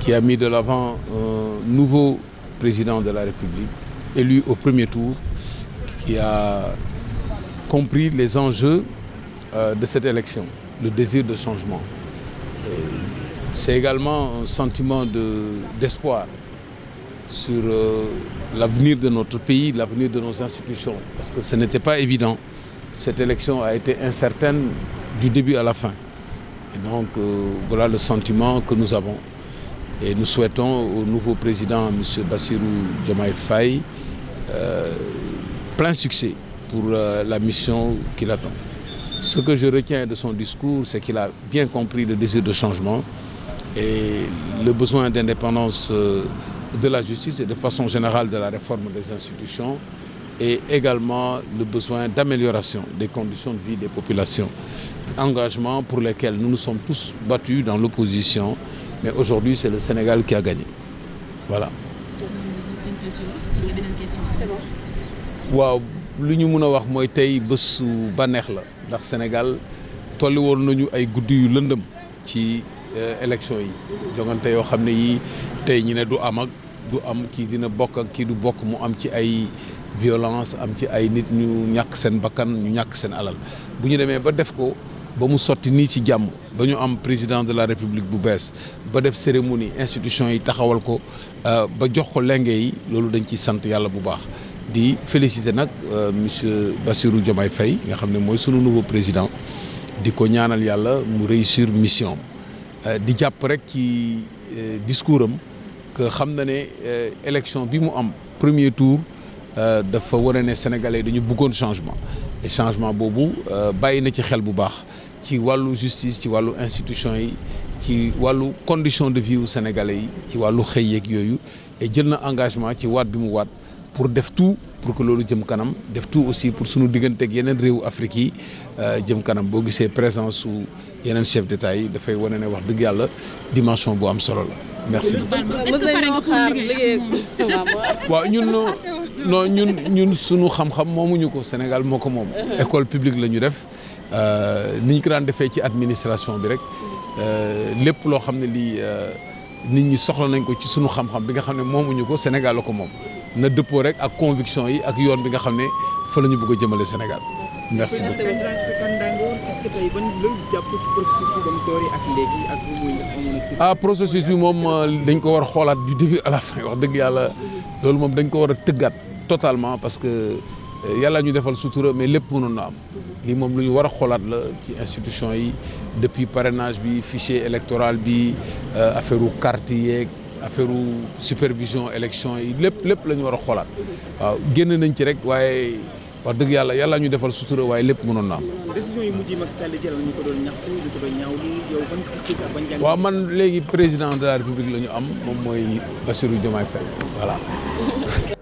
Qui a mis de l'avant un nouveau président de la République, élu au premier tour, qui a compris les enjeux euh, de cette élection, le désir de changement. Euh, c'est également un sentiment d'espoir de, sur euh, l'avenir de notre pays, l'avenir de nos institutions, parce que ce n'était pas évident. cette élection a été incertaine du début à la fin. Et donc euh, voilà le sentiment que nous avons. Et nous souhaitons au nouveau président, M. Bassirou Diomaye Faye, euh, plein succès pour euh, la mission qu'il attend. Ce que je retiens de son discours, c'est qu'il a bien compris le désir de changement et le besoin d'indépendance euh, de la justice et de façon générale de la réforme des institutions. et également le besoin d'amélioration des conditions de vie des population Engagement pour lesquels nu nous sommes tous battus dans l'opposition, mais aujourd'hui c'est le Sénégal qui a gagné. Voilà. waaw lu ñu mun a wax mooy tey bésu bànneex la ndax Sénégal tolli woon nañu ay guddi yu lëndëm ci euh, élection yi jongante yoo xam ne yii tey ñu ne du am ak du am kii dina bokk ak kii du bokk mu am ci ay violence am ci ay nit ñu ñàkk seen bakkan ñu ñàkk seen alal bu ñu demee ba def ko ba mu sotti nii ci jàmm ba ñu am président de la république bu bees ba def cérémonie institution yi taxawal ko euh, ba jox ko lenge yi loolu dañ ciy sant yàlla bu baax di féliciter nag euh, monsieur Bassirou Diomaye Faye nga xam ne mooy sunu nouveau président di ko ñaanal yàlla mu réussir mission euh, di jàpp rek ci discours am que xam na ne élection bi mu am premier tour Euh, dafa wane ne sénégalais dañu buggoon changement et changement boobu euh, bàyyi na ci xel bu baax ci wàllu justice ci wàllu institution yi ci wàllu condition de vie wu sénégalais yi ci wàllu xëy yeeg yooyu jël na engagement ci waat bi mu waat pour def tout pour que loolu jëm kanam def tout aussi pour sunu diggante ak yeneen réewu Afrique yi euh, jëm kanam boo gisee présence su yeneen chef d'État yi dafay wane ne wax dëgg yàlla dimension bu am solo la merci beaucoup. waaw non ñun ñun suñu xam-xam moomuñu ko Sénégal moo ko moom uh-huh. école publique la ñu def euh, ni ñu ko daan defee ci administration bi rek uh-huh. euh, lépp loo xam ne lii euh, nit ñi soxla nañ ko ci suñu xam-xam bi nga xam ne moom moomuñu ko Sénégal la ko moom na dëppoo rek ak conviction yi ak yoon bi nga xam ne fa la ñu bëgg a jëmalee Sénégal merci beaucoup ah processus bi moom dañ ko war a xoolaat du début a la fin wax dëgg yàlla loolu moom dañ ko war a tëggaat totalement parce que euh, yàlla ñu defal sutura mais lépp mënoon na am lii moom lu ñu war a xoolaat la ci institution yi depuis parrainage bi fichier électoral bi euh, affaire u carte yeeg affaire u supervision élection yi lépp lépp lañu ñu war a xoolaat waaw génn nañ ci rek waaye wax dëgg yàlla yàlla ñu defal sutura waaye lépp mënoon na am. waaw man léegi président de la république la am moom mooy Bassirou Diomaye Faye voilà.